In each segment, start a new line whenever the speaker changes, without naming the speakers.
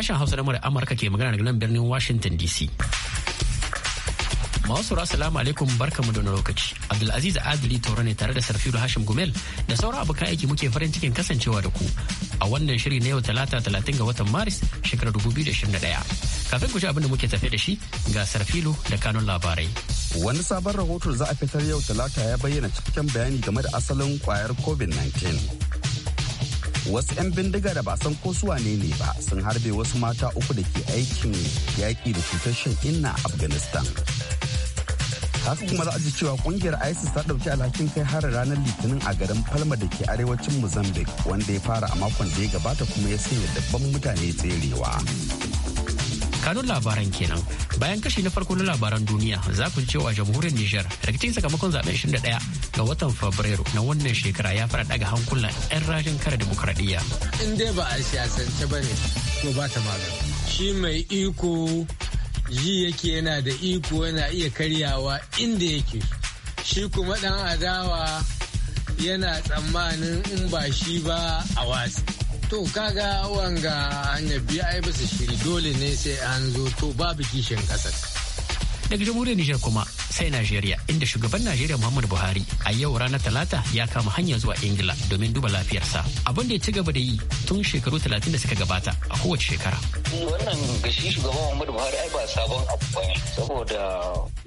Sashen Hausa na Amurka ke magana daga nan birnin Washington DC. Masu salamu alaikum barkamu da lokaci. Abdulaziz Adili Toro ne tare da Sarfiru Hashim Gumel da sauran abokan aiki muke farin cikin kasancewa da ku a wannan shiri na yau talata talatin ga watan Maris shekarar 2021. Kafin ku ci abin da muke tafe da shi ga Sarfilu da kanun labarai.
Wani sabon rahoto za a fitar yau talata ya bayyana cikakken bayani game da asalin kwayar COVID-19. wasu 'yan bindiga da ba san ko su wane ne ba sun harbe wasu mata uku da ke aikin yaƙi da cutar shan inna a afghanistan haka kuma za a ji cewa kungiyar isis ta ɗauki alhakin kai har ranar litinin a garin palma da ke arewacin mozambique wanda ya fara a makon da ya gabata kuma ya sanya dabban mutane tserewa.
kanun labaran kenan bayan kashi na farko na labaran duniya za ku cewa jamhuriyar nijar rikicin sakamakon zaben 21 ga watan fabrairu na wannan shekara ya fara daga hankulan 'yan rajin kare demokradiyya
in dai ba a siyasance ba ne to ba ta magana shi mai iko ji yake yana da iko yana iya karyawa inda yake shi kuma dan adawa yana tsammanin in ba shi ba a watsi to kaga wanga hanyar biya ai bisa shiri dole ne sai an zo to babu kishin kasar
daga jamhuriyar Nijar kuma sai Najeriya inda shugaban Najeriya Muhammadu Buhari a yau ranar Talata ya kama hanya zuwa Ingila domin duba lafiyarsa abin da ya ci gaba da yi tun shekaru 30 da suka gabata a kowace shekara.
Wannan gashi shugaban Muhammadu Buhari ai ba sabon abu ba saboda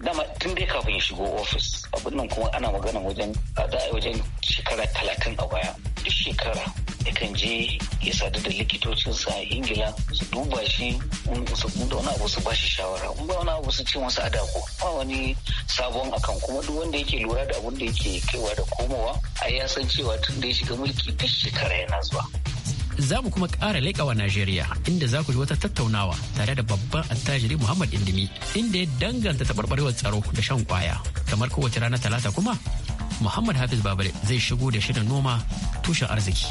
dama tun dai kafin ya shigo ofis abin nan kuma ana magana wajen a wajen shekara 30 a baya duk shekara yakan je ya sadu da likitocinsa a ingila su duba shi su da wani abu su ba shi shawara in ba wani abu su ce masa adako ba wani sabon akan kuma duk wanda yake lura da abin da yake kaiwa da komowa a ya san cewa tun da ya shiga mulki duk shekara yana zuwa
za mu kuma ƙara leƙawa Najeriya inda za ku ji wata tattaunawa tare da babban attajiri Muhammad Indimi inda ya danganta taɓarɓarewar tsaro da shan kwaya kamar kowace rana talata kuma Muhammad Hafiz Babare zai shigo da shirin noma tushen arziki.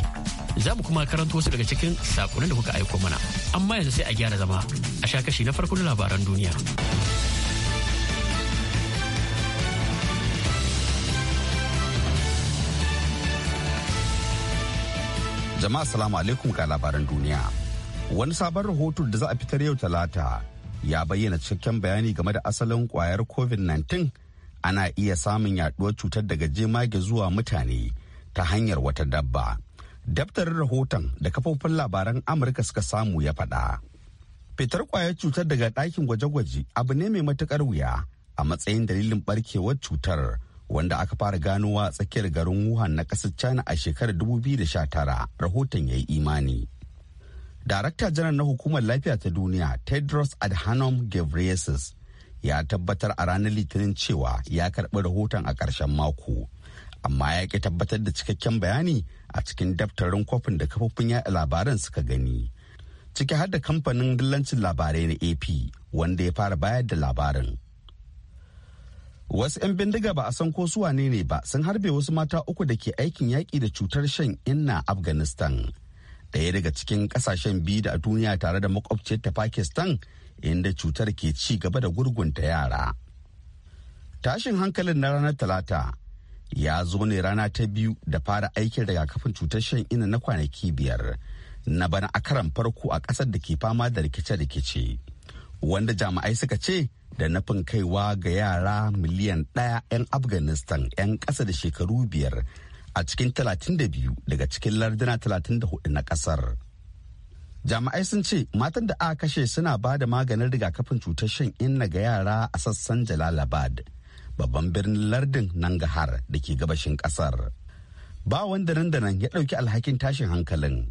Za mu kuma karanto wasu daga cikin sakonin da kuka aiko mana. Amma yanzu sai a gyara zama a sha kashi na farko na labaran duniya.
Jama'a salamu alaikum ga labaran duniya. Wani sabon rahoton da za a fitar yau talata ya bayyana cikakken bayani game da asalin kwayar COVID-19 ana iya samun yaduwar cutar daga jemage zuwa mutane ta hanyar wata dabba. Daftarin rahoton da kafofin labaran Amurka suka samu ya faɗa. Fitar kwayar cutar daga ɗakin gwaje-gwaje abu ne mai matuƙar wuya a matsayin dalilin ɓarkewar cutar wanda aka fara ganowa a tsakiyar garin Wuhan na ƙasar China a shekarar 2019 rahoton ya yi imani. Darakta janar na hukumar lafiya ta duniya Tedros Adhanom Ghebreyesus ya tabbatar a ranar litinin cewa ya karɓi rahoton a ƙarshen mako amma ya ƙi tabbatar da cikakken bayani a cikin daftarin kwafin da kafofin yaɗa labaran suka gani ciki har da kamfanin dillancin labarai na ap wanda ya fara bayar da labarin wasu 'yan bindiga ba a san ko su wane ne ba sun harbe wasu mata uku da ke aikin yaƙi da cutar shan inna afghanistan ɗaya daga cikin ƙasashen biyu da a duniya tare da makwabciyar ta pakistan inda cutar ke ci gaba da gurgunta yara tashin hankalin na ranar talata ya zo ne rana ta biyu da fara aikin rigakafin cutar shan ina na kwanaki biyar na bana a karan farko a ƙasar da ke fama da rikice-rikice wanda jami'ai suka ce da nufin kaiwa ga yara miliyan ɗaya 'yan afghanistan 'yan ƙasa da shekaru biyar a cikin 32 daga cikin larduna 34 na ƙasar. jami'ai sun ce matan da aka kashe suna ba da maganin rigakafin cutar shan inna ga yara a sassan jalalabad babban birnin lardin nan nangahar da ke gabashin kasar ba wanda nan da nan ya dauki alhakin tashin hankalin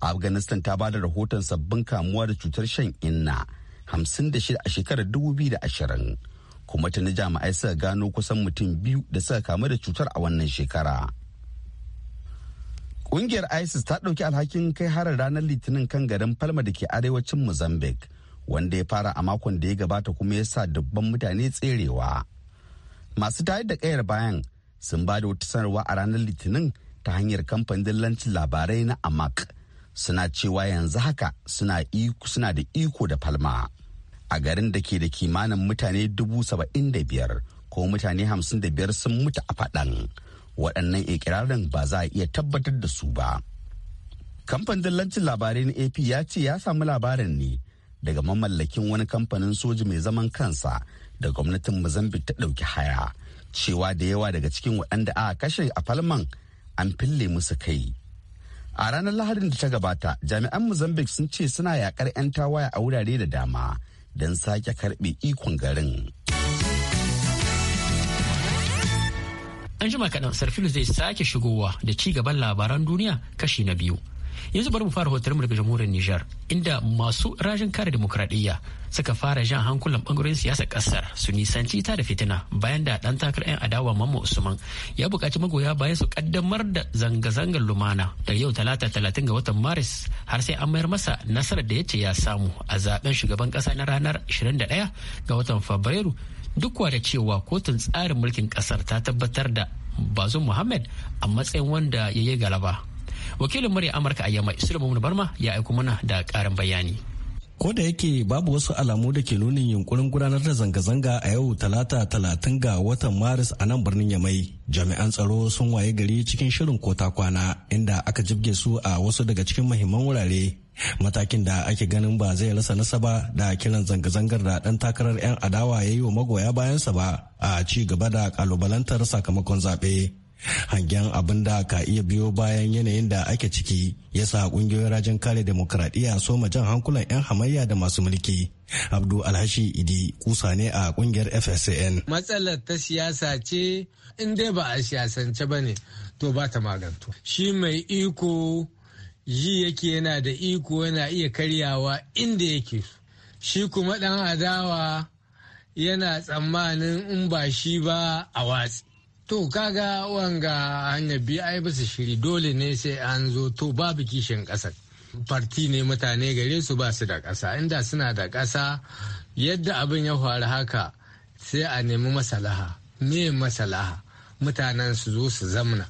afghanistan ta ba da rahoton sabbin kamuwa da cutar shan inna 56 a shekarar 2020 kuma ta tuni jami'ai suka gano kusan mutum biyu da suka kamu da cutar a wannan shekara Ƙungiyar ISIS ta ɗauki alhakin kai harin ranar Litinin kan garin Falma da ke arewacin Mozambique, wanda ya fara a makon da ya gabata kuma ya sa dubban mutane tserewa. Masu tayar da ƙayar bayan sun ba da wata sanarwa a ranar Litinin ta hanyar kamfanin dillancin labarai na Amak. Suna cewa yanzu haka suna da iko da Falma. A garin da ke da kimanin mutane dubu saba'in da biyar ko mutane hamsin da biyar sun mutu a faɗan. waɗannan ikirarin ba za a iya tabbatar da su ba kamfanin dillancin labarai na ap ya ce ya samu labarin ne daga mamallakin wani kamfanin soji mai zaman kansa da gwamnatin mozambique ta ɗauki haya cewa da yawa daga cikin waɗanda aka kashe a falman an fille musu kai a ranar lahadin da ta gabata jami'an mozambique sun ce suna yaƙar 'yan tawaya a wurare da dama don sake karɓe ikon garin
An jima kaɗan Sarfilu zai sake shigowa da ci gaban labaran duniya kashi na biyu. Yanzu bari mu fara hotar mu daga jamhuriyar Nijar inda masu rajin kare demokradiyya suka fara jan hankulan bangaren siyasa kasar su nisanci ta da fitina bayan da dan takar 'yan adawa Mamman Usman ya bukaci magoya bayan su kaddamar da zanga-zangar lumana da yau talata talatin ga watan Maris har sai an mayar masa nasarar da ya ce ya samu a zaben shugaban kasa na ranar 21 ga watan Fabrairu duk da cewa kotun tsarin mulkin kasar ta tabbatar da bazum muhammad a matsayin wanda ya yi galaba wakilin murya amurka a yamma sulaiman barma ya aiko mana da karin bayani
ko da yake babu wasu alamu da ke nunin yunkurin gudanar da zanga-zanga a yau talata talatin ga watan maris a nan birnin yamai jami'an tsaro sun waye gari cikin shirin kota kwana inda aka jibge su a wasu daga cikin mahimman wurare matakin da ake ganin ba zai rasa nasaba da kiran zanga-zangar da ɗan takarar 'yan adawa ya yi wa magoya bayansa ba a ci gaba da kalubalantar sakamakon zaɓe hangen abin da ka iya biyo bayan yanayin da ake ciki ya sa ƙungiyoyin rajin kare demokradiyya so jan hankulan 'yan hamayya da masu mulki abdu alhashi idi kusa ne a ƙungiyar fsn
matsalar ta siyasa ce in dai ba a siyasance ba ne to ba ta magantu shi mai iko ji yake yana da iko yana iya karyawa inda yake shi kuma dan adawa yana tsammanin in ba shi ba a watsi to kaga wanga hanyar biyu ai basu shiri dole ne sai an zo to babu kishin ƙasar farti ne mutane gare su ba su da ƙasa inda suna da ƙasa yadda abin ya faru haka sai a nemi masalaha ne masalaha mutanen su zo su zamna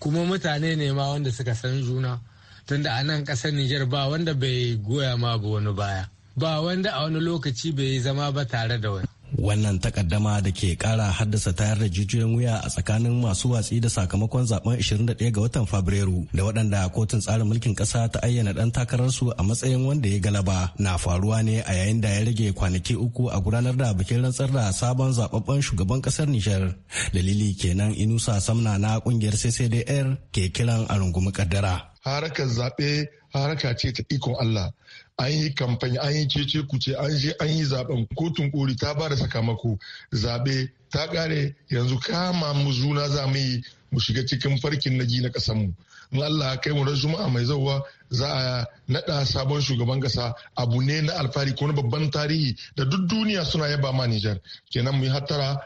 kuma mutane ne ma wanda suka san juna tunda a nan ƙasar Nijar ba wanda bai goya ma ba wani baya ba wanda a wani lokaci bai zama ba tare da wani. Wannan
takaddama da ke kara haddasa tayar da jijiyoyin wuya a tsakanin masu watsi da sakamakon zaben 21 ga watan Fabrairu da waɗanda kotun tsarin mulkin ƙasa ta ayyana ɗan takararsu a matsayin wanda ya galaba na faruwa ne a yayin da ya rage kwanaki uku a gudanar da bikin rantsar da sabon zababben shugaban ƙasar Nijar. Dalili kenan Inusa Samna na ƙungiyar
CCDR ke kiran a rungumi kaddara. harakar zaɓe haraka ce ta ikon Allah an yi kamfani an yi cece kuce an je an yi zaɓen kotun kori ta bada sakamako zaɓe ta ƙare yanzu kama mu zuna za mu yi mu shiga cikin farkin na ji na mu in Allah ya kai mu ran juma'a mai zauwa za a naɗa sabon shugaban ƙasa abu ne na alfahari ko na babban tarihi da duk duniya suna yaba ma Nijar kenan mu yi hattara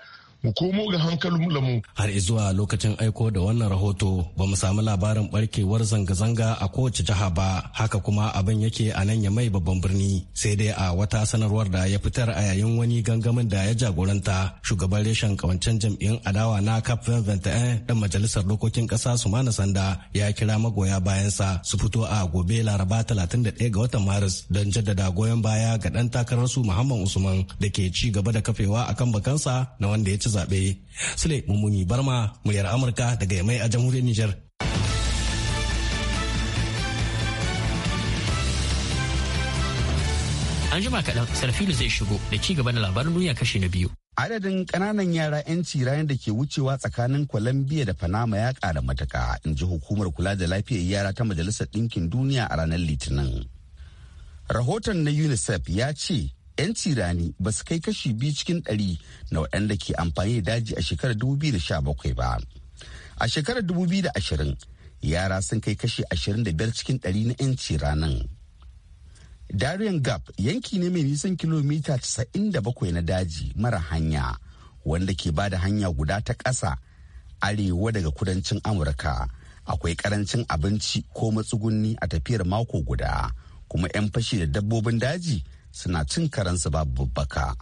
mu komo ga hankalin mu. Har zuwa lokacin aiko da wannan
rahoto ba mu samu labarin barkewar zanga-zanga a kowace jiha ba haka kuma abin yake a nan ya mai babban birni sai dai a wata sanarwar da ya fitar a yayin wani gangamin da ya jagoranta shugaban reshen kawancen jam'iyyun adawa na CAP 21 dan majalisar dokokin kasa Sumana Sanda ya kira magoya bayansa su fito a gobe Laraba 31 ga watan Maris don jaddada goyon baya ga dan takararsu Muhammad Usman da ke ci gaba da kafewa akan bakansa na wanda ya ci zaɓe. Sule Mummuni Barma, muryar Amurka daga Yamai a jamhuriyar
Nijar. An jima kaɗan, Sarfilu zai shigo da ci gaba da labarin duniya kashi na biyu.
Adadin ƙananan yara 'yanci ranar da ke wucewa tsakanin Colombia da Panama ya ƙara mataka in ji hukumar kula da lafiyar yara ta Majalisar Ɗinkin Duniya a ranar Litinin. Rahoton na UNICEF ya ce 'yan tirani ba su kai kashi biyu cikin ɗari na waɗanda ke amfani da daji a shekarar 2017 ba. A shekarar 2020 yara sun kai kashi 25 cikin ɗari na 'yan tiranin. Darien Gap yanki ne mai nisan kilomita casa'in da bakwai na daji mara hanya wanda ke ba da hanya guda ta ƙasa arewa daga kudancin Amurka. Akwai karancin abinci ko matsugunni a tafiyar mako guda kuma 'yan fashi da dabbobin daji suna cin karansu babu babbaka.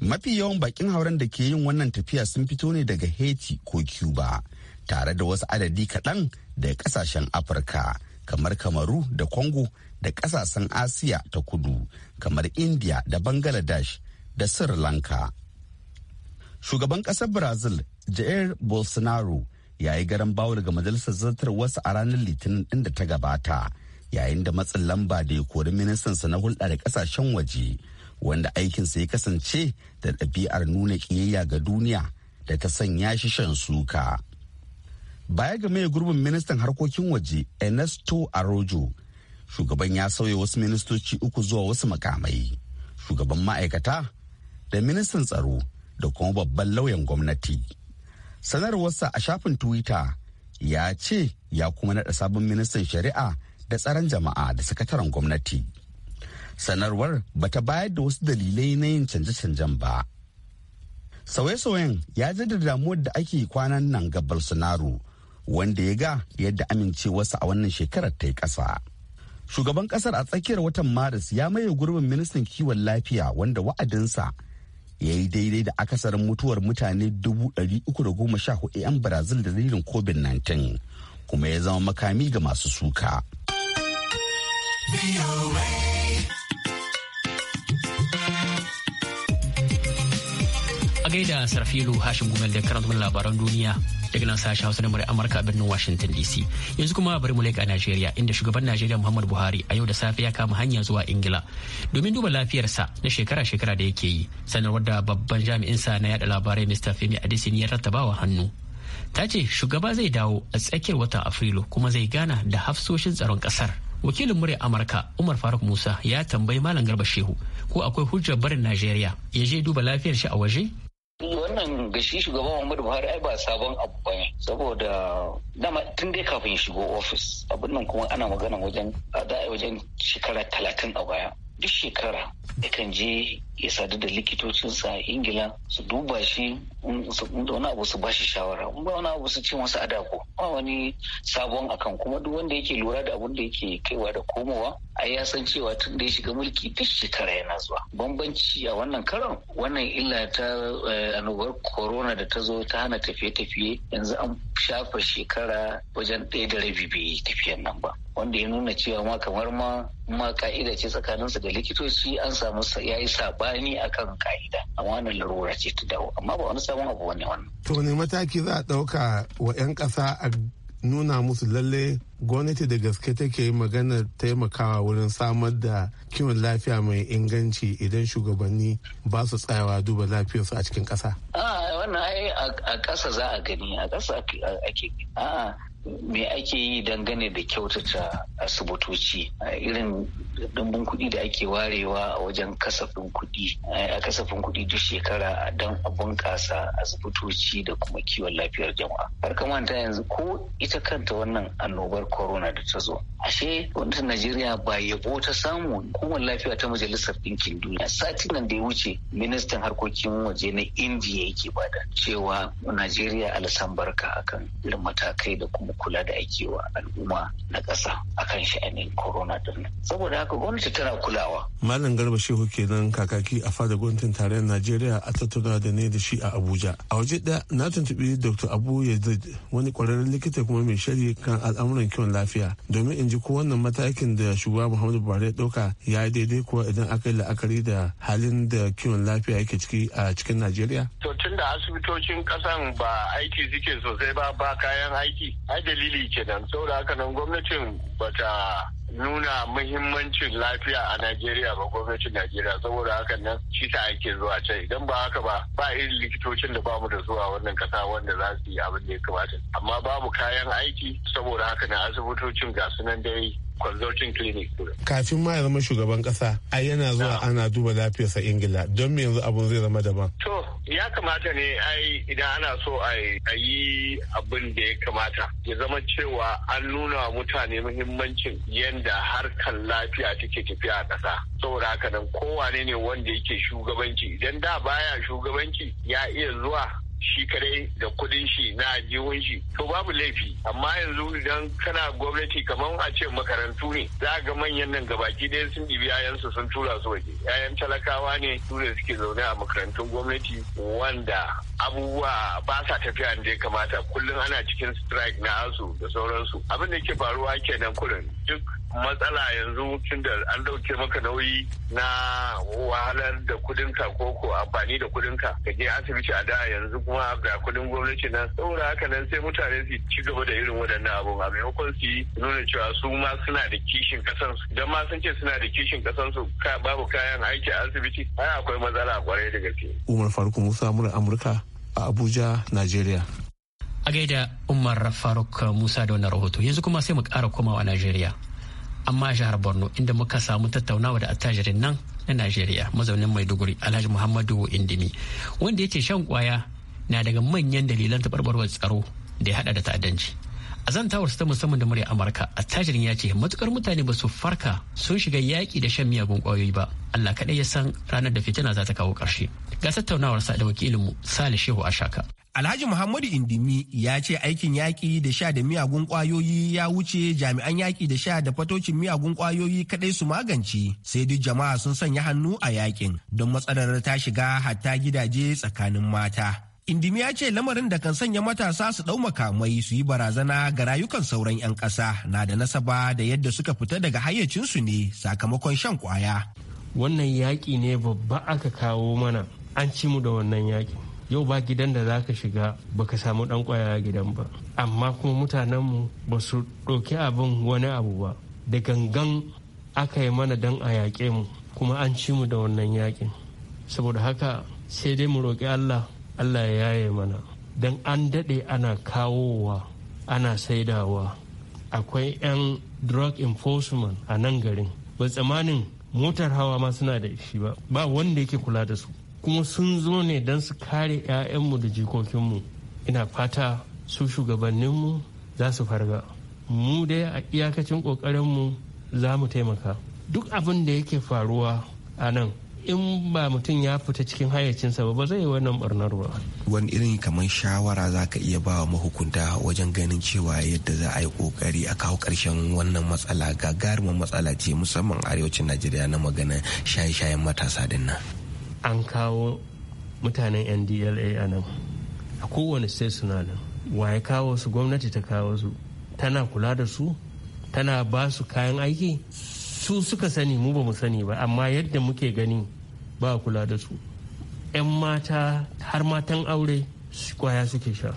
Mafi yawan bakin hauren da ke yin wannan tafiya sun fito ne daga Haiti ko Cuba, tare da wasu adadi kaɗan daga ƙasashen Afirka, kamar Kamaru da Congo da ƙasashen Asiya ta kudu, kamar India da Bangladesh da Sri Lanka. Shugaban ƙasar Brazil, Jair Bolsonaro, ya yi garan bawul daga majalisar zartar wasu a ranar litinin ɗin da ta gabata. yayin da matsin lamba da ya kori ministansa na hulɗa da ƙasashen waje wanda aikinsa ya kasance da ɗabi'ar nuna ƙiyayya ga duniya da ta sanya shi shan suka. Baya ga mai gurbin ministan harkokin waje Ernesto Arojo, shugaban ya sauya wasu ministoci uku zuwa wasu makamai, shugaban ma'aikata da ministan tsaro da kuma babban lauyan gwamnati. Sanarwarsa a shafin Twitter ya ce ya kuma naɗa sabon ministan shari'a da tsaron jama'a da sakataren gwamnati. Sanarwar bata bayar da wasu dalilai na yin canje-canjen ba. Sauye-sauyen ya jaddada damuwar da ake kwanan nan ga Bolsonaro wanda ya ga yadda amincewarsa a wannan shekarar ta yi ƙasa. Shugaban ƙasar a tsakiyar watan Maris ya maye gurbin ministan kiwon lafiya wanda wa'adinsa ya yi daidai da akasarin mutuwar mutane dubu da goma sha 314 'yan Brazil da dalilin COVID-19 kuma ya zama makami ga masu suka.
A
gaida Sarfilu Hashim Gumel da karantun labaran duniya daga nan sashen Hausa na murya Amurka a birnin Washington DC. Yanzu kuma bari mu leƙa Najeriya inda shugaban Najeriya Muhammadu Buhari a yau da safe ya kama hanya zuwa Ingila domin duba lafiyarsa na shekara-shekara da yake yi sanarwar da babban jami'in sa na yada labarai Mr. Femi Adesina ya rattabawa hannu. Ta ce shugaba zai dawo a tsakiyar watan Afrilu kuma zai gana da hafsoshin tsaron ƙasar. wakilin murya amurka umar faruk musa ya tambayi malam garba shehu ko akwai hujjar barin najeriya ya je duba lafiyar shi a waje
wannan ga shugaban Muhammadu Buhari ai ba sabon abu bane saboda dama tun dai kafin shigo ofis abin nan kuma ana magana wajen da wajen shekara talatin a baya duk shekara yakan je ya sadu da likitocinsa a ingila su duba shi da wani abu su bashi shawara ba wani abu su ce masa adako ba wani sabon akan kuma duk wanda yake lura da abun da yake kaiwa da komowa a ya san cewa tun da ya shiga mulki duk shekara yana zuwa bambanci a wannan karon wannan illa ta eh, annobar corona da ta zo ta hana tafiye-tafiye yanzu an shafa shekara wajen ɗaya da rabi bai tafiyan nan ba wanda ya nuna cewa ma kamar ma ma ka'ida ce tsakaninsa da likitoci an samu ya yi sabani akan ka'ida amma wannan larura ce ta dawo
amma ba wani sabon abu wani wannan. to ne mataki za a ɗauka wa 'yan ƙasa a nuna musu lalle gwamnati da gaske take magana taimakawa wurin samar da kiwon lafiya mai inganci idan shugabanni ba su tsayawa duba lafiyarsu a cikin ƙasa.
a ah, wannan ai a ƙasa za a gani a ƙasa ake a ah, me ake yi dangane da kyautata asibitoci a irin dimbin kuɗi da ake warewa a wajen kasafin kuɗi a kasafin kuɗi duk shekara don a bunƙasa asibitoci da kuma kiwon lafiyar jama'a har manta yanzu ko ita kanta wannan annobar corona da ta zo ashe wanda najeriya ba yabo ta samu hukumar lafiya ta majalisar ɗinkin duniya satin nan da ya wuce ministan harkokin waje na indiya yake bada cewa najeriya alasan barka akan irin matakai da kuma kula da ake wa al'umma na ƙasa akan sha'anin corona din saboda haka gwamnati tana kulawa
malam garba shehu kenan kakaki a fada gwamnatin tarayyar najeriya a tattauna da ne da shi a abuja a waje ɗaya na tuntuɓi dr abu yazid wani ƙwararren likita kuma mai shari kan al'amuran kiwon lafiya domin in ji ko wannan matakin da shugaba muhammadu buhari ya ɗauka ya daidai kuwa idan aka yi la'akari da halin da kiwon lafiya yake ciki a cikin najeriya to tun da asibitocin kasan ba aiki suke sosai ba ba kayan aiki dalili kenan saboda haka nan gwamnatin bata nuna muhimmancin lafiya a Najeriya ba gwamnatin Najeriya saboda haka nan shi ta ake zuwa can idan ba haka ba ba irin likitocin da bamu da zuwa wannan kasa wanda za su yi abin da ya kamata amma babu kayan aiki saboda haka na asibitocin ga su nan dai consulting clinic kafin ma ya zama shugaban kasa a yana zuwa ana duba lafiyarsa ingila don me yanzu abun zai zama daban to ya kamata ne ai idan ana so a yi abin da ya kamata ya zama cewa an nuna wa mutane muhimmancin yadda harkar lafiya take tafiya a ƙasa saboda haka nan kowane ne wanda yake shugabanci idan da baya shugabanci ya iya zuwa shi kadai da kudin shi na jiwon shi to babu laifi amma yanzu idan kana gwamnati kamar a ce makarantu ne za ga manyan nan gabaki ɗaya sun ɗibi yayansu sun tura su waje yayan talakawa ne su suke zaune a makarantun gwamnati wanda abubuwa ba sa tafiya da ya kamata kullum ana cikin strike na asu da sauransu abin da ke faruwa kenan kurin duk matsala yanzu tun da an dauke maka nauyi na wahalar da kudinka ko ko amfani da kudinka ka je asibiti a da yanzu kuma ga kudin gwamnati nan saboda haka nan sai mutane su ci gaba da irin waɗannan abun a maimakon su nuna cewa su ma suna da kishin kasan su ma sun ce suna da kishin kasan babu kayan aiki a asibiti ai akwai matsala kwarai da gaske Umar Faruk Musa Amurka a Abuja Nigeria a gaida
umar faruk musa da wannan rahoto yanzu kuma sai mu kara komawa najeriya amma jihar borno inda muka samu tattaunawa da attajirin nan na najeriya mazaunin maiduguri alhaji muhammadu indimi wanda yake shan kwaya na daga manyan dalilan taɓarɓarwar tsaro da ya haɗa da ta'addanci a zantawar ta musamman da murya amurka attajirin ya ce matukar mutane ba su farka sun shiga yaƙi da shan miyagun ƙwayoyi ba allah kaɗai ya san ranar da fitina za ta kawo ƙarshe ga tattaunawar sa da wakilinmu sale shehu ashaka
Alhaji Muhammadu Indimi ya ce aikin yaƙi da sha da miyagun ƙwayoyi ya wuce jami'an yaƙi da sha da fatocin miyagun ƙwayoyi kaɗai su magance sai duk jama'a sun sanya hannu a yaƙin don matsalar ta shiga hatta gidaje tsakanin mata. Indimi ya ce lamarin da kan sanya matasa su ɗau makamai su yi barazana ga rayukan sauran 'yan ƙasa na da nasaba da yadda suka fita daga hayyacinsu ne sakamakon shan kwaya.
Wannan yaƙi ne babba aka kawo mana an ci mu da wannan yaƙi. Yau ba gidan da za ka shiga baka samu ɗan kwaya gidan ba. Amma kuma mutanenmu ba su ɗauki abin wani abu ba. Da gangan aka yi mana don a yaƙe mu kuma an ci mu da wannan yaƙin. Saboda haka sai dai mu roƙi Allah allah ya yaye mana don an daɗe ana kawowa ana saidawa akwai 'yan drug enforcement a nan garin ba tsamanin motar hawa ma suna da shi ba ba wanda yake kula da su kuma sun zo ne don su kare 'ya'yanmu da jikokinmu ina fata su shugabanninmu za su farga mu dai a iyakacin ƙoƙarinmu za mu taimaka duk abin da yake faruwa a nan in ba mutum ya fita cikin hayyacinsa ba ba zai yi wannan barnar ba
wani irin kamar shawara za ka iya ba wa mahukunta wajen ganin cewa yadda za a yi kokari a kawo karshen wannan matsala ga gagarumin matsala ce musamman arewacin najeriya na magana shaye-shayen matasa din nan
an kawo mutanen ndla a nan a kowane state suna nan Wa ya kawo su gwamnati ta kawo su tana kula da su tana ba su kayan aiki su suka sani mu ba mu sani ba amma yadda muke gani ba kula da su 'yan mata har matan aure kwaya suke sha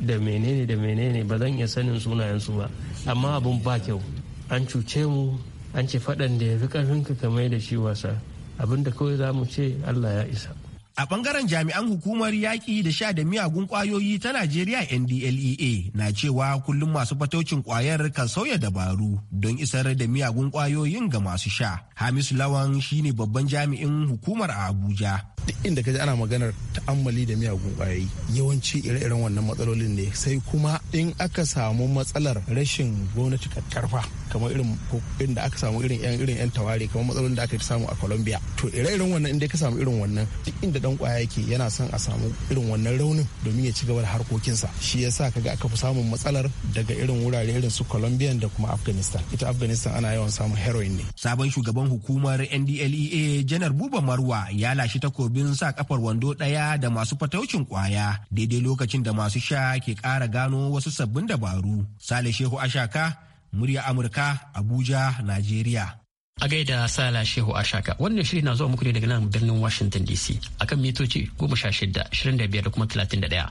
da menene da menene ba zan iya sanin sunayensu ba amma abun ba kyau an cuce mu an ce faɗan da ya fi ƙarfin
ka mai da shi wasa abin da kawai za mu ce allah ya isa A bangaren jami'an hukumar yaƙi da sha da miyagun ƙwayoyi ta Najeriya NDLEA na cewa kullum masu fatocin kwayar kan sauya dabaru don isar da miyagun ƙwayoyin ga masu sha. Hamisu Lawan shine babban jami'in hukumar a Abuja. duk inda ka ji ana maganar ta'ammali da miyagun kwayoyi yawanci ire-iren wannan matsalolin ne sai kuma in aka samu matsalar rashin gwamnati karfa kamar irin ko da aka samu irin yan irin yan taware kamar matsalolin da aka samu a Colombia to ire-iren wannan inda ka samu irin wannan duk inda dan kwaya yake yana son a samu irin wannan raunin domin ya ci gaba da harkokinsa shi yasa kaga aka fi samun matsalar daga irin wurare irin su Colombia da kuma Afghanistan ita Afghanistan ana yawan samun heroin ne sabon shugaban hukumar NDLEA janar Buba Marwa ya lashi takobi sababbin sa kafar wando ɗaya da masu fataucin kwaya daidai lokacin da masu sha ke ƙara gano wasu sabbin dabaru. Sale Shehu Ashaka, murya Amurka, Abuja, Najeriya.
A gaida Sala Shehu Ashaka wannan shirin na zuwa muku ne daga nan birnin Washington DC akan mitoci 16, da kuma 31.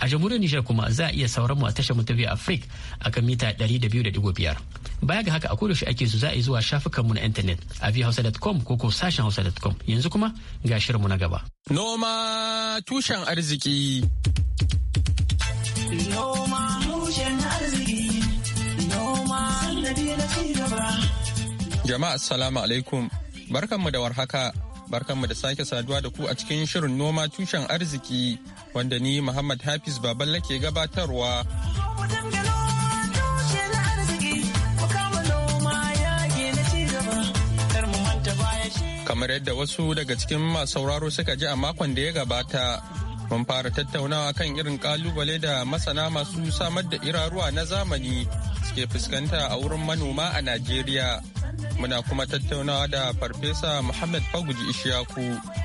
A jamhuriyar Nijar kuma za a iya sauran mu a tashar mu ta biyu Afrik akan mita 200.5. Baya ga haka a kodashi ake su za a yi zuwa shafukan mu na intanet a vhausa.com ko ko sashen hausa.com yanzu kuma ga shirin mu na gaba.
Noma tushen arziki. Noma tushen arziki.
Noma sannadi na ci
Jama'a assalamu alaikum. Barkanmu da warhaka. Barkanmu da sake saduwa da ku a cikin shirin noma tushen arziki wanda ni Muhammad Hafiz Baballe ke gabatarwa. Kamar yadda wasu daga cikin masu sauraro suka ji a makon da ya gabata, mun fara tattaunawa kan irin kalubale da masana masu samar da iraruwa na zamani suke fuskanta a wurin manoma a Najeriya. Muna kuma tattaunawa da Farfesa Muhammad Faguji Ishaku,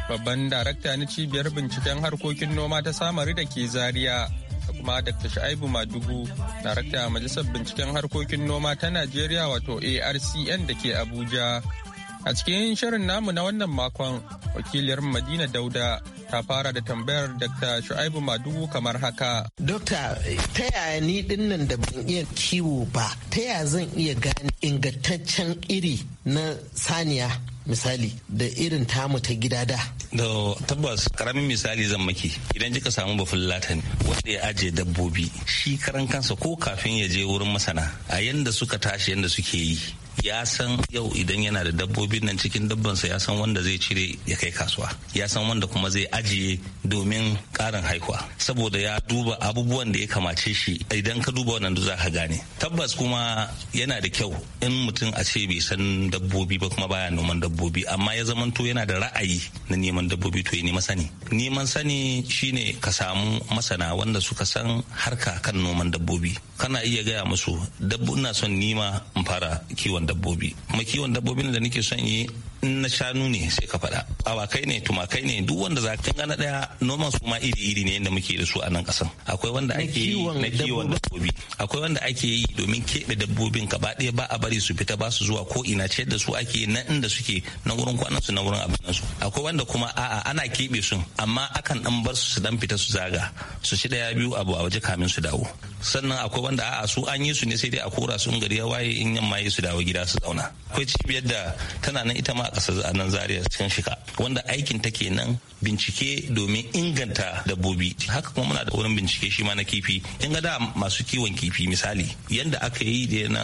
babban darakta na cibiyar binciken harkokin noma ta samari da ke Zaria. da kuma Dr. Sha'ibu Madugu, darakta Majalisar Binciken Harkokin Noma ta Najeriya wato ARCN da ke Abuja. A cikin shirin namu na wannan makon, wakiliyar Madina Dauda ta fara da tambayar Dr. Shu'aibu Madugu kamar haka.
Dokta, ta yaya ni dinnan da ban iya kiwo ba, ta yaya zan iya gane ingantaccen iri na saniya misali da irin tamu ta gida da.
Da tabbas karamin misali zan maki idan kika samu bafin latin wanda ya ajiye dabbobi shi karan kansa ko kafin ya je wurin masana a yanda suka tashi yanda suke yi ya san yau idan yana da dabbobin nan cikin dabbansa ya san wanda zai cire ya kai kasuwa ya san wanda kuma zai ajiye domin karin haihuwa saboda ya duba abubuwan da ya kamace shi idan ka duba wannan za ka gane tabbas kuma yana da kyau in mutum a ce bai san dabbobi ba kuma baya noman dabbobi amma ya to yana da ra'ayi na neman dabbobi to ya nema sani neman sani shine ka samu masana wanda suka san harka kan noman dabbobi kana iya gaya musu dabbo ina son nima in fara kiwon dabbobi makiwon kiwon dabbobin da nake son yi in na shanu ne sai ka faɗa awakai ne tumakai ne duk wanda za ka gana daya noman su ma iri iri ne yadda muke da su a nan kasan akwai wanda ake yi na kiwon dabbobi akwai wanda ake yi domin keɓe dabbobin gaba ɗaya ba a bari su fita ba su zuwa ko ina ce da su ake na inda suke na wurin kwanan su na wurin abin su akwai wanda kuma a'a ana keɓe su amma akan dan bar su su dan fita su zaga su ci daya biyu abu a waje kamin su dawo sannan akwai wanda a'a su an yi su ne sai dai a kora su in gari ya waye in yamma yi su dawo gida su zauna akwai cibiyar da tana nan ita ma a nan zaria cikin shika wanda aikin ta kenan bincike domin inganta dabbobi haka kuma muna da wurin bincike shi ma na kifi in ga da masu kiwon kifi misali yanda aka yi da na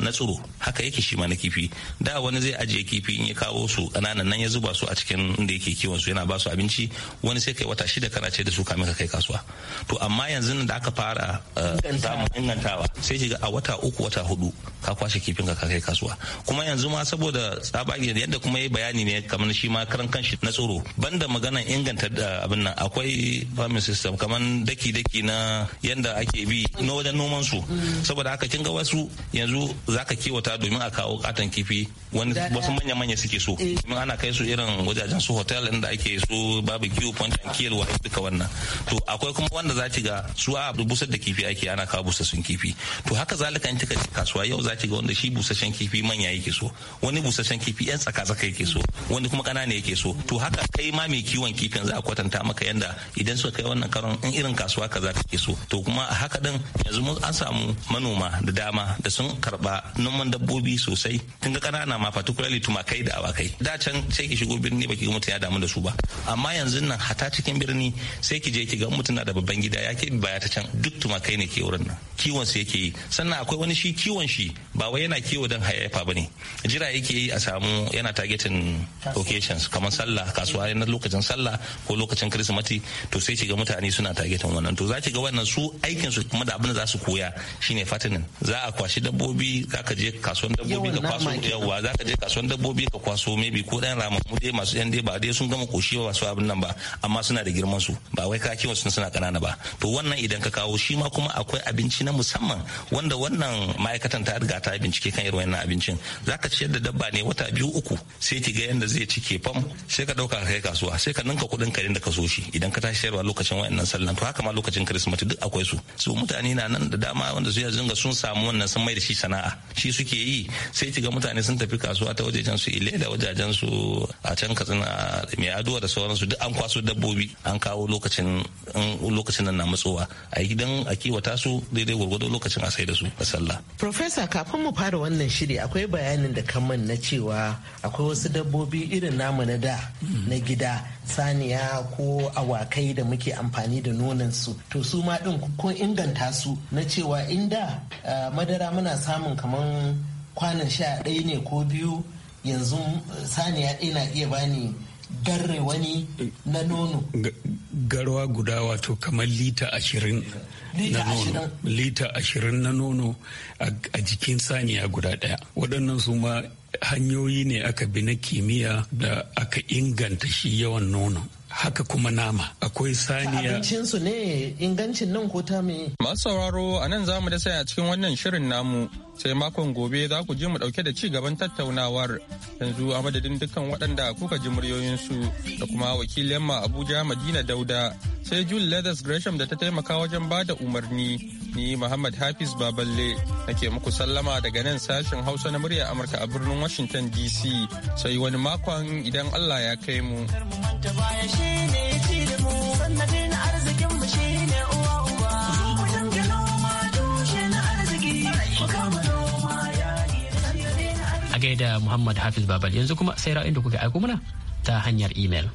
na tsoro haka yake shi ma na kifi da wani zai ajiye kifi in ya kawo su kananan nan ya zuba su a cikin inda yake kiwon su yana ba su abinci wani sai kai wata shida kana ce da su kamin ka kai kasuwa to amma yanzu da aka fara eh, samun ingantawa sai shiga a wata uku wata hudu ka kwashe kifin ka kai kasuwa kuma yanzu ma saboda tsabagi yadda kuma kuma yi bayani ne kamar shi ma karan kanshi na tsoro banda magana inganta da eh, abin nan akwai farming system kamar daki-daki na yanda ake bi na wajen noman su saboda haka kin ga wasu yanzu zaka kiwata domin a kawo katon kifi wani wasu manya-manya suke so eh. domin ana kai su irin wajajen su hotel inda ake su barbecue point and kill wa duka wannan to akwai kuma wanda za ga su a busar da kifi ake ana kawo busassun kifi to haka zalika in kika kasuwa yau za ga wanda shi busasshen kifi manya yake so wani busasshen kifi yan tsaka kai yake so wani kuma kanana yake so to haka kai ma mai kiwon kifin za a kwatanta maka yanda idan suka kai wannan karon in irin kasuwa kaza ke so to kuma a haka din yanzu mun an samu manoma da dama da sun karba noman dabbobi sosai tun ga kanana ma particularly tumakai da awakai da can sai ki shigo birni baki ga mutum ya damu da su ba amma yanzu nan hata cikin birni sai ki je ki ga mutum na da babban gida ya ke baya ta can duk tumakai ne ke wurin nan kiwon su yake yi sannan akwai wani shi kiwon shi ba wai yana kiwo don hayayyafa ba ne jira yake yi a samu yana ta. targeting locations kamar sallah kasuwa na lokacin sallah ko lokacin kirsimati to sai ki ga mutane suna targetin wannan to za ki ga wannan su aikin su kuma da abin da za su koya shine fatinin za a kwashi dabbobi za ka je kasuwan dabbobi ka kwaso yawa za ka je kasuwan dabbobi ka kwaso maybe ko dan ramamu dai masu yan dai ba dai sun gama koshi ba su abin nan ba amma suna da girman su ba wai ka kiwon suna kanana ba to wannan idan ka kawo shi ma kuma akwai abinci na musamman wanda wannan ma'aikatan ta riga ta bincike kan irin wannan abincin za ka ciyar da dabba ne wata biyu uku sai ki ga yadda zai cike fam sai ka dauka kai kasuwa sai ka ninka kuɗin karin da ka so shi idan ka tashi sayarwa lokacin wayannan sallan to haka ma lokacin kirismati duk akwai su su mutane na nan da dama wanda su yanzu ga sun samu wannan sun mai da shi sana'a shi suke yi sai ki ga mutane sun tafi kasuwa ta wajejen su da wajajen su a can katsina mai aduwa da sauransu duk an kwaso dabbobi an kawo lokacin lokacin nan na matsowa a gidan a kiwata su daidai gwargwado lokacin a sai da su a sallah.
Profesa kafin mu fara wannan shiri akwai bayanin da kaman na cewa akwai akwai wasu dabbobi irin namu na da hmm. na gida saniya ko awakai da muke amfani da nonansu to su ma din ko inganta su na cewa inda madara muna samun kaman kwanan sha ɗaya ne ko biyu yanzu eh, saniya ɗaya na iya bani garre wani na nono garwa
guda wato kamar lita ashirin na lita ashirin na nono a jikin saniya guda ɗaya waɗannan su ma hanyoyi ne aka bi na
kimiyya da aka inganta shi yawan nono haka kuma nama akwai saniya
abincinsu ne ingancin nan ko ta me
masu sauraro a nan za mu da a cikin wannan shirin namu sai makon gobe za ku ji mu dauke da ci gaban tattaunawar yanzu a madadin dukkan waɗanda kuka ji muryoyinsu da kuma wakilin ma abuja madina dauda sai jul leathers gresham da ta taimaka wajen ba da umarni ni muhammad hafiz baballe nake muku sallama daga nan sashen hausa na murya amurka a birnin washington dc sai wani makon idan allah ya kai mu.
gaida Muhammad Hafiz Babal yanzu kuma sai ra'ayin da kuka aiko mana ta hanyar email.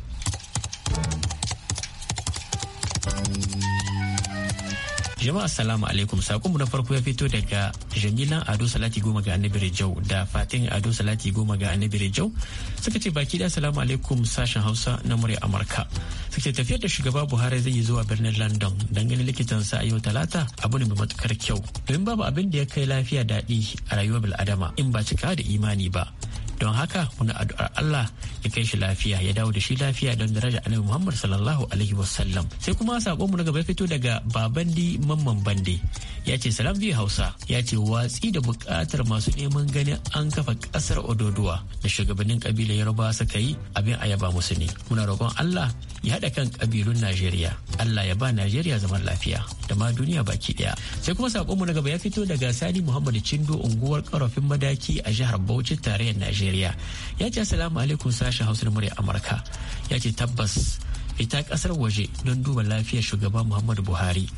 Jama'a salamu alaikum mu na farko ya fito daga Jamila Ado Salati Goma ga Annabi Rejau da Fatin Ado Salati Goma ga Annabi Rejau suka ce baki da salamu alaikum sashen Hausa na murya Amurka. Suka tafiyar da shugaba Buhari zai yi zuwa birnin London don ganin likitan sa yau Talata abu ne mai matukar kyau. Domin babu abin da ya kai lafiya daɗi a rayuwar bil'adama in ba cika da imani ba. don haka muna addu'ar Allah ya kai shi lafiya ya dawo da shi lafiya don daraja annabi Muhammad sallallahu alaihi wasallam sai kuma sakon mu na gaba fito daga babandi mamman bande ya ce salam biyu hausa ya ce watsi da buƙatar masu neman ganin an kafa kasar ododuwa da shugabannin kabilar Yoruba suka yi abin ayaba musu ne muna roƙon Allah ya haɗa kan kabilun Najeriya Allah ya ba Najeriya zaman lafiya da ma duniya baki ɗaya. sai kuma sakon mu na gaba ya fito daga Sani Muhammad Cindo unguwar karafin madaki a jihar Bauchi tarayyar Najeriya najeriya ya ce assalamu alaikum sashen hausa da murya amurka ya ce tabbas ita kasar waje don duba lafiyar shugaban muhammadu buhari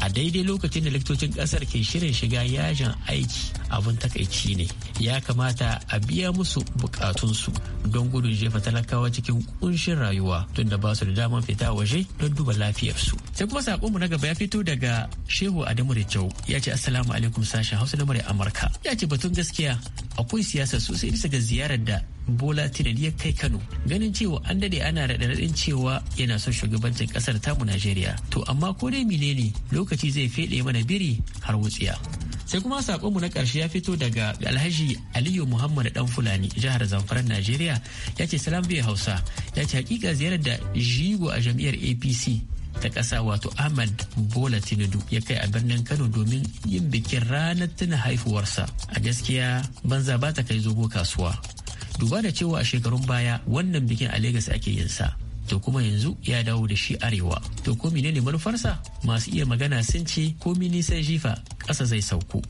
a daidai lokacin da likitocin kasar ke shirin shiga yajin aiki abin takaici ne ya kamata a biya musu bukatunsu don gudun jefa talakawa cikin kunshin rayuwa tun da ba su da daman fita waje don duba lafiyarsu sai kuma sakonmu na gaba ya fito daga shehu adamu da kyau ya ce assalamu alaikum sashen hausa na amurka ya ce batun gaskiya akwai siyasa sosai bisa ga ziyarar da bola tinubu ya kai kano ganin cewa an dade ana raɗaɗin cewa yana son shugabancin ƙasar tamu najeriya to amma ko dai menene lokaci zai feɗe mana biri har wutsiya sai kuma saƙonmu na ƙarshe ya fito daga alhaji aliyu muhammad dan fulani jihar zamfaran najeriya ya ce salam bai hausa ya ce hakika ziyarar da jigo a jam'iyyar apc ta ƙasa wato ahmad bola tinubu ya kai a birnin kano domin yin bikin ranar tuna haifuwarsa a gaskiya banza ba ta kai zobo kasuwa duba da cewa a shekarun baya wannan bikin a Legas ake yin sa to kuma yanzu ya dawo da shi arewa to ko ne manufarsa masu iya magana sun ce ko mini sai jifa ƙasa zai sauko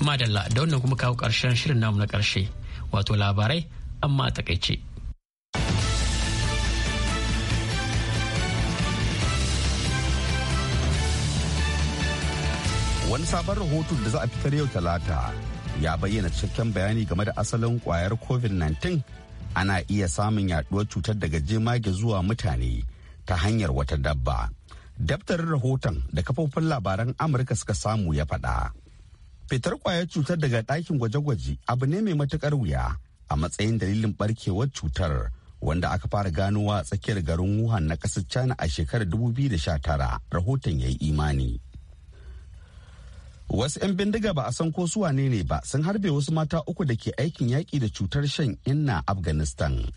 madalla da wannan kuma kawo ƙarshen shirin namu na ƙarshe wato labarai amma a takaice
sabon rahoton da za a fitar yau talata ya bayyana cikakken bayani game da asalin kwayar covid-19 ana iya samun yaduwar cutar daga jemage zuwa mutane ta hanyar wata dabba. Daftarin rahoton da kafofin labaran Amurka suka samu ya faɗa. Fitar kwayar cutar daga ɗakin gwaje-gwaje abu ne mai matukar wuya a matsayin dalilin barkewar cutar wanda aka fara ganowa tsakiyar garin Wuhan na ƙasar China a shekarar 2019 rahoton ya yi imani. wasu 'yan bindiga ba a san ko su wane ne ba sun harbe wasu mata uku da ke aikin yaƙi da cutar shan inna afghanistan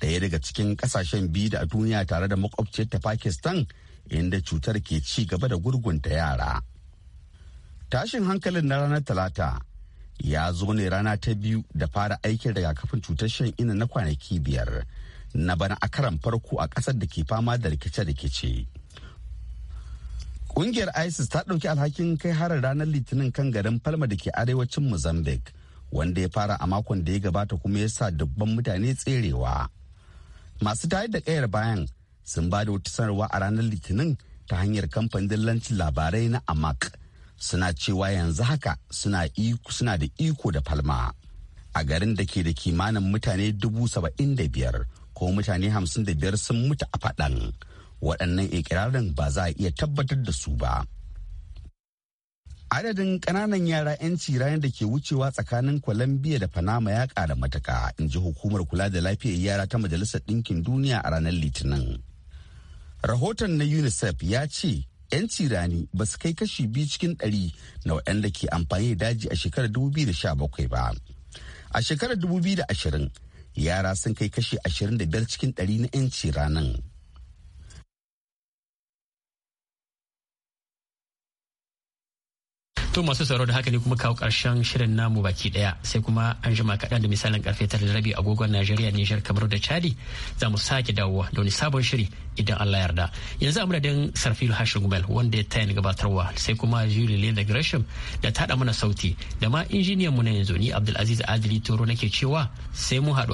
ɗaya daga cikin ƙasashen biyu da a duniya tare da makwabciyar ta pakistan inda cutar ke ci gaba da gurgunta yara tashin hankalin na ranar talata ya zo ne rana ta biyu da fara aikin rigakafin cutar shan inna na kwanaki biyar na bana a karan farko a ƙasar da ke fama da rikice-rikice Kungiyar ISIS ta ɗauki alhakin kai harar ranar Litinin kan garin Palma da ke arewacin Mozambique, wanda ya fara a makon da ya gabata kuma ya sa dubban mutane tserewa. Masu tayar da kayar bayan sun ba da wata sanarwa a ranar Litinin ta hanyar kamfanin dillancin labarai na Amak. Suna cewa yanzu haka suna da iko da Palma. A garin da ke da kimanin mutane dubu biyar ko mutane hamsin da biyar sun mutu a faɗan. waɗannan ikirarin ba za a iya tabbatar da su ba. Adadin ƙananan yara 'yanci ranar da ke wucewa tsakanin Colombia da Panama ya ƙara mataka, in ji hukumar kula da lafiyar yara ta Majalisar Ɗinkin Duniya a ranar Litinin. Rahoton na UNICEF ya ce 'yanci rani ba su kai kashi biyu cikin ɗari na waɗanda ke amfani da daji a shekarar 2017 ba. A shekarar 2020, yara sun kai kashi 25 cikin ɗari na 'yanci ranan.
to masu tsaro da haka ne kuma kawo karshen shirin namu baki daya sai kuma an jima kaɗan da misalin karfe tara da rabi agogon najeriya nijar kamar da chadi za mu sake dawowa da wani sabon shiri idan allah yarda yanzu a madadin sarfilu Hashim gumel wanda ya taya ni gabatarwa sai kuma julie Lena gresham da taɗa mana sauti da ma injiniyan mu na yanzu ni abdulaziz adili toro nake cewa sai mu haɗu